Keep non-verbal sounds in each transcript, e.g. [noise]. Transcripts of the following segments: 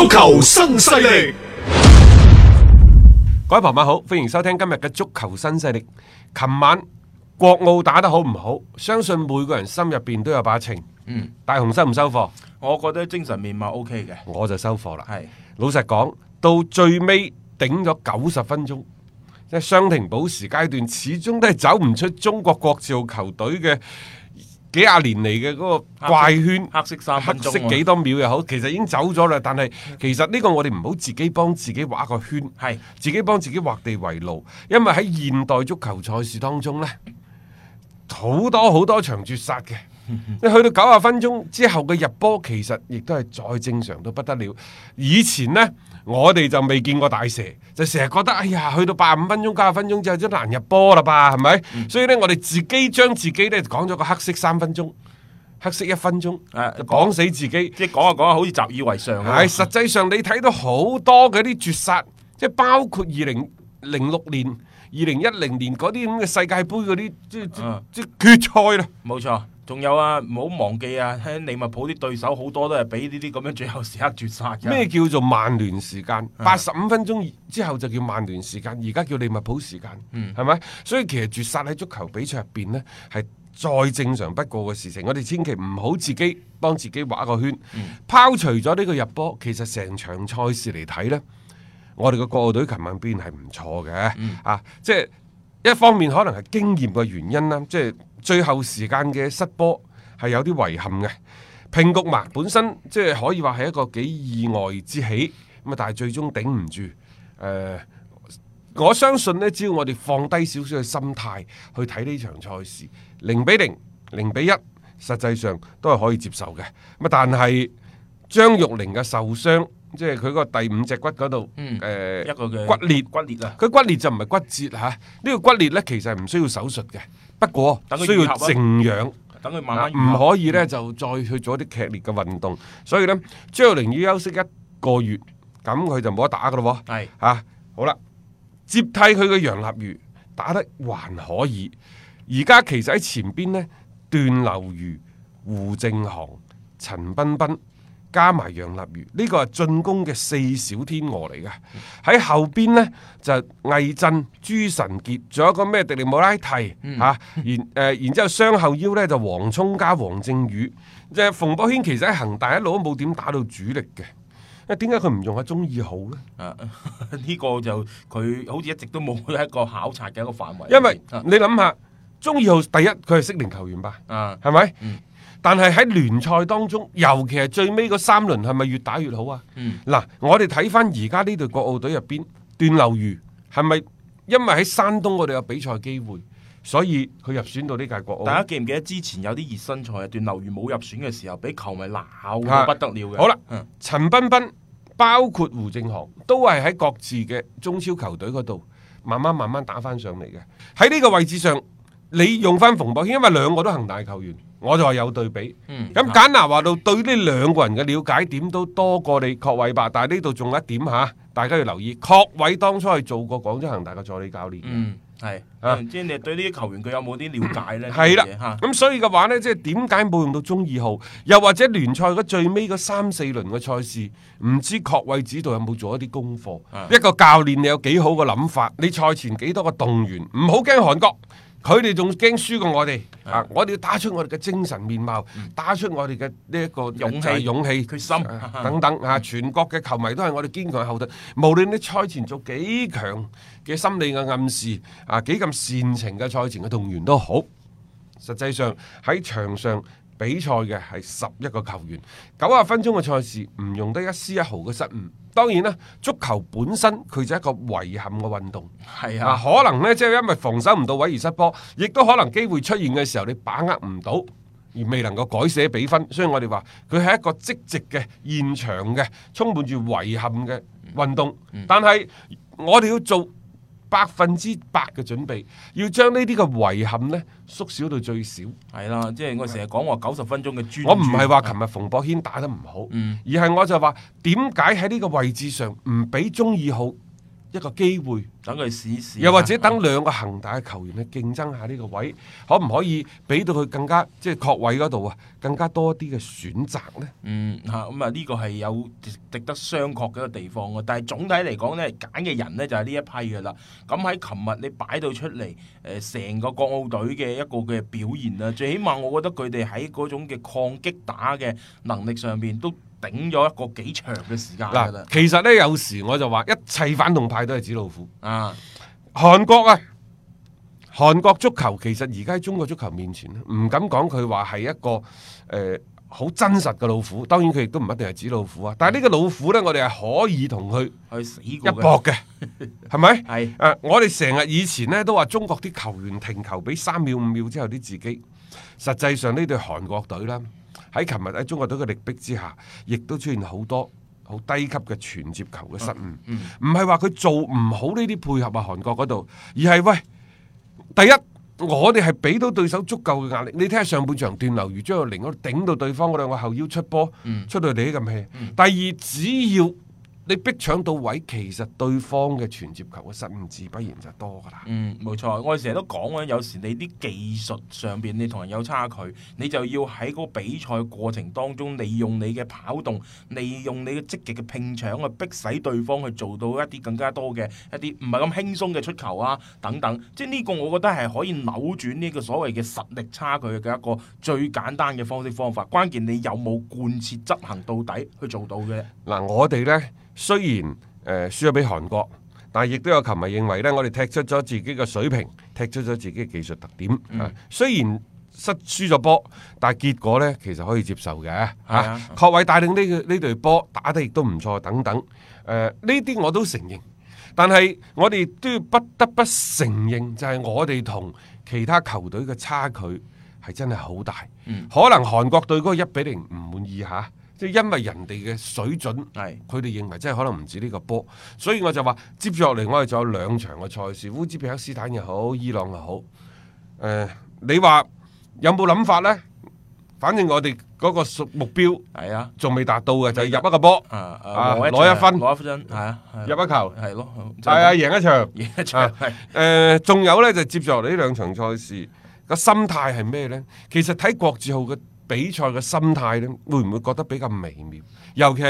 足球新勢力，各位朋友好，歡迎收聽今日嘅足球新勢力。琴晚國奧打得好唔好？相信每個人心入邊都有把秤。嗯，大雄收唔收貨，我覺得精神面貌 O K 嘅，我就收貨啦。係是，老實講，到最尾頂咗九十分鐘，即係傷停補時階段，始終都係走唔出中國國字球隊嘅。幾廿年嚟嘅嗰個怪圈，黑色衫、黑色幾多秒又好，其實已經走咗啦。但係其實呢個我哋唔好自己幫自己畫個圈，係是自己幫自己畫地為牢。因為喺現代足球賽事當中呢，好多好多場絕殺嘅。 [music] 你去到九十分鐘之後嘅入波，其實亦都係再正常到不得了。以前呢，我哋就未見過大蛇，就成日覺得，哎呀，去到八十五分鐘、九十分鐘之後真難入波啦吧？係咪？ [music] 所以呢，我哋自己將自己呢講咗個黑色三分鐘、黑色一分鐘，誒、啊，講死自己，即係、啊、講下講下，講好似習以為常。係，實際上你睇到好多嘅啲絕殺，即係包括二零零六年、二零一零年嗰啲咁嘅世界盃嗰啲即即即決賽啦。冇、啊、錯。仲有啊，唔好忘記啊！利物浦啲對手好多都係俾呢啲咁樣最後時刻絕殺。咩叫做曼聯時間？八十五分鐘之後就叫曼聯時間，而家的叫利物浦時間，係咪、嗯？所以其實絕殺喺足球比賽入邊呢，係再正常不過嘅事情。我哋千祈唔好自己幫自己畫個圈，嗯、拋除咗呢個入波，其實成場賽事嚟睇呢，我哋嘅國奧隊琴晚表現係唔錯嘅、嗯、啊！即係。一方面可能係經驗嘅原因啦，即係最後時間嘅失波係有啲遺憾嘅。平局嘛，本身即係可以話係一個幾意外之喜，咁啊但係最終頂唔住。誒、呃，我相信咧，只要我哋放低少少嘅心態去睇呢場賽事，零比零、零比一，實際上都係可以接受嘅。咁啊，但係張玉玲嘅受傷。即係佢個第五隻骨嗰度，誒，骨裂骨裂啊！佢骨裂就唔係骨折吓，呢個骨裂咧其實係唔需要手術嘅，不過等佢需要靜養，等佢慢慢。唔可以咧就再去做啲劇烈嘅運動，所以咧張玉寧要休息一個月，咁佢就冇得打噶咯。係啊，好啦，接替佢嘅楊立瑜打得還可以，而家其實喺前邊咧，段劉愚、胡靖航、陳彬彬。加埋楊立瑜，呢、這個係進攻嘅四小天鵝嚟嘅。喺後邊呢，就魏震、朱晨傑，仲有一個咩迪力穆拉提吓、嗯啊。然誒、呃，然之後雙後腰呢，就黃聰加黃政宇。即、就、係、是、馮博軒其實喺恒大一路都冇點打到主力嘅。誒，點解佢唔用阿、啊、鍾義浩呢？啊，呢、這個就佢好似一直都冇喺一個考察嘅一個範圍。因為、啊、你諗下，鍾義浩第一佢係適齡球員吧？啊，係咪吧？嗯但係喺聯賽當中，尤其係最尾嗰三輪，係咪越打越好啊？嗱、嗯啊，我哋睇翻而家呢隊國奧隊入邊，段劉愚係咪因為喺山東我哋有比賽機會，所以佢入選到呢屆國奧？大家記唔記得之前有啲熱身賽，段劉愚冇入選嘅時候，俾球迷鬧到不得了嘅。好啦了，陳、嗯、彬彬包括胡正航都係喺各自嘅中超球隊嗰度，慢慢慢慢打翻上嚟嘅。喺呢個位置上。你用翻馮博軒，因為兩個都恒大球員，我就話有對比。咁簡拿話到對呢兩個人嘅瞭解點都多過你郝偉吧。但係呢度仲有一點嚇，大家要留意郝偉當初係做過廣州恒大嘅助理教練嘅。係啊，即係你對呢啲球員佢有冇啲瞭解咧？係啦，咁所以嘅話咧，即係點解冇用到中二號？又或者聯賽嘅最尾嗰三四輪嘅賽事，唔知郝偉指導有冇做一啲功課？一個教練你有幾好嘅諗法，你賽前幾多個動員，唔好驚韓國！佢哋仲驚輸過我哋啊！我哋要打出我哋嘅精神面貌，打出我哋嘅呢一個勇氣、勇氣、決心等等啊！全國嘅球迷都係我哋堅強嘅後盾，無論你賽前做幾強嘅心理嘅暗示啊，幾咁煽情嘅賽前嘅動員都好。實際上喺場上比賽嘅係十一個球員，九十分鐘嘅賽事唔容得一絲一毫嘅失誤。當然啦，足球本身佢就係一個遺憾嘅運動，係啊，可能呢，即係因為防守唔到位而失波，亦都可能機會出現嘅時候你把握唔到，而未能夠改寫比分，所以我哋話佢係一個積極嘅現場嘅充滿住遺憾嘅運動，嗯嗯、但係我哋要做。百分之百嘅準備，要將呢啲嘅遺憾呢縮小到最少。係啦，即係我成日講話九十分鐘嘅專注。我唔係話琴日馮博軒打得唔好，而係我就話點解喺呢個位置上唔俾中意好？一個機會等佢試試，試試又或者等兩個恒大嘅球員去競爭下呢個位，嗯、可唔可以俾到佢更加即係確位嗰度啊？更加多啲嘅選擇呢？嗯嚇，咁啊呢個係有值得商榷嘅一個地方嘅，但係總體嚟講呢，揀嘅人呢就係呢一批嘅啦。咁喺琴日你擺到出嚟，誒、呃、成個國奧隊嘅一個嘅表現啊，最起碼我覺得佢哋喺嗰種嘅抗擊打嘅能力上面都。頂咗一個幾長嘅時間的，其實呢，有時我就話一切反動派都係紙老虎啊！韓國啊，韓國足球其實而家喺中國足球面前，唔敢講佢話係一個誒好、呃、真實嘅老虎。當然佢亦都唔一定係紙老虎啊。但係呢個老虎呢，我哋係可以同佢去一搏嘅，係咪？係 [laughs] 是、啊、我哋成日以前呢都話中國啲球員停球俾三秒五秒之後啲自己，實際上呢對韓國隊啦。喺琴日喺中國隊嘅力逼之下，亦都出現好多好低級嘅傳接球嘅失誤。唔係話佢做唔好呢啲配合啊，韓國嗰度，而係喂，第一我哋係俾到對手足夠嘅壓力。你睇下上半場段劉如將個零嗰度頂到對方兩個後腰出波，嗯、出到你啲咁氣。第二只要。你逼搶到位，其實對方嘅傳接球嘅失誤自不然就多噶啦。嗯，冇錯，我哋成日都講啊，有時你啲技術上邊，你同人有差距，你就要喺嗰個比賽過程當中利用你嘅跑動，利用你嘅積極嘅拼搶去逼使對方去做到一啲更加多嘅一啲唔係咁輕鬆嘅出球啊等等。即係呢個我覺得係可以扭轉呢個所謂嘅實力差距嘅一個最簡單嘅方式方法。關鍵你有冇貫徹執行到底去做到嘅？嗱、嗯，我哋呢。雖然誒、呃、輸咗俾韓國，但係亦都有球迷認為咧，我哋踢出咗自己嘅水平，踢出咗自己嘅技術特點。嗯啊、雖然失輸咗波，但係結果咧其實可以接受嘅。啊，啊郝偉帶領呢呢隊波打得亦都唔錯等等。誒呢啲我都承認，但係我哋都要不得不承認，就係我哋同其他球隊嘅差距係真係好大。嗯、可能韓國對嗰個一比零唔滿意嚇。啊即係因為人哋嘅水準，佢哋是認為真係可能唔止呢個波，所以我就話接住落嚟我哋仲有兩場嘅賽事，烏茲別克斯坦又好，伊朗又好。誒、呃，你話有冇諗法咧？反正我哋嗰個目標係啊，仲未達到嘅的就入一個波，攞、啊啊一，啊、一分，攞一分，係啊，入一球，係咯，係、就、啊、是，贏一場，贏一場，誒、啊，仲、呃、有咧就是、接住落嚟呢兩場賽事嘅 [laughs] 心態係咩咧？其實睇國字號嘅。比賽嘅心態呢，會唔會覺得比較微妙？尤其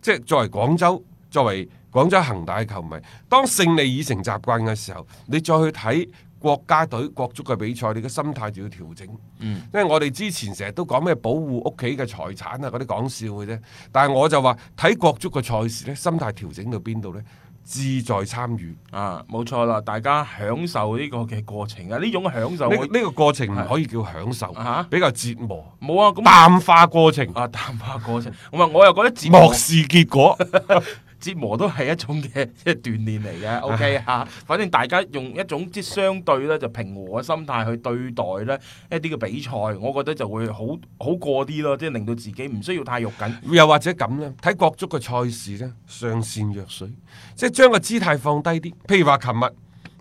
即係作為廣州、作為廣州恒大嘅球迷，當勝利已成習慣嘅時候，你再去睇國家隊國足嘅比賽，你嘅心態就要調整。嗯，因為我哋之前成日都講咩保護屋企嘅財產啊，嗰啲講笑嘅啫。但係我就話睇國足嘅賽事呢，心態調整到邊度呢？志在參與啊，冇錯啦！大家享受呢個嘅過程啊，呢種享受呢、這個這個過程唔可以叫享受，是啊、比較折磨。冇啊，淡化過程啊，淡化過程。唔係，我又覺得漠視結果。 [laughs] 折磨都係一種嘅即係鍛鍊嚟嘅，OK 啊！反正大家用一種即相對咧就平和嘅心態去對待咧一啲嘅比賽，我覺得就會好好過啲咯，即係令到自己唔需要太肉緊。又或者咁咧，睇國足嘅賽事咧，上善若水，即係將個姿態放低啲。譬如話，琴日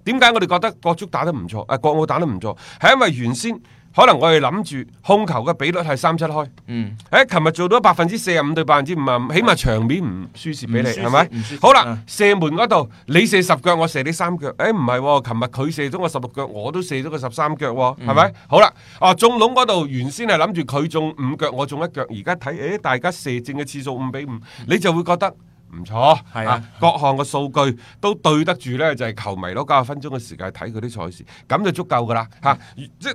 點解我哋覺得國足打得唔錯啊？國奧打得唔錯，係因為原先。可能我哋諗住控球嘅比率係三七開，嗯、欸，誒，琴日做到百分之四十五對百分之五十五，起碼場面唔輸蝕俾你，係咪？好啦，射門嗰度你射十腳，我射你三腳，誒、欸，唔係、哦，琴日佢射咗個十六腳，我都射咗個十三腳，係咪？嗯、好啦，哦、啊，中籠嗰度原先係諗住佢中五腳，我中一腳，而家睇誒，大家射正嘅次數五比五，嗯、你就會覺得唔錯，係啊，啊是啊各項嘅數據都對得住呢，就係、是、球迷攞九十分鐘嘅時間睇佢啲賽事，咁就足夠噶啦，吓、啊，嗯、即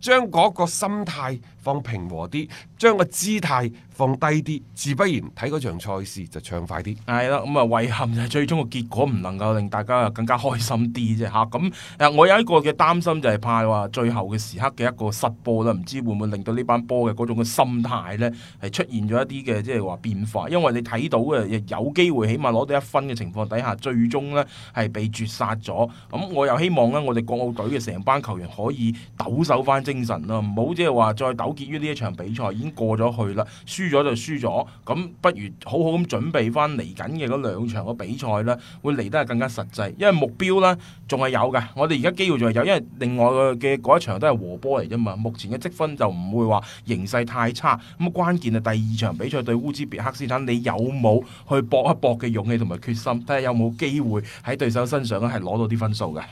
將嗰個心態放平和啲，將個姿態放低啲，自不然睇嗰場賽事就暢快啲。係咯，咁、嗯、啊遺憾就係最終個結果唔能夠令大家更加開心啲啫吓，咁、啊、我有一個嘅擔心就係怕話最後嘅時刻嘅一個失波啦，唔知會唔會令到呢班波嘅嗰種嘅心態呢係出現咗一啲嘅即係話變化。因為你睇到嘅有機會起碼攞到一分嘅情況底下，最終呢係被絕殺咗。咁我又希望呢，我哋國奧隊嘅成班球員可以抖手翻。精神咯，唔好即係話再糾結於呢一場比賽，已經過咗去啦，輸咗就輸咗，咁不如好好咁準備翻嚟緊嘅嗰兩場嘅比賽啦，會嚟得係更加實際，因為目標呢仲係有嘅。我哋而家機會仲係有，因為另外嘅嗰一場都係和波嚟啫嘛，目前嘅積分就唔會話形勢太差，咁關鍵係第二場比賽對烏茲別克斯坦，你有冇去搏一搏嘅勇氣同埋決心，睇下有冇機會喺對手身上呢係攞到啲分數嘅。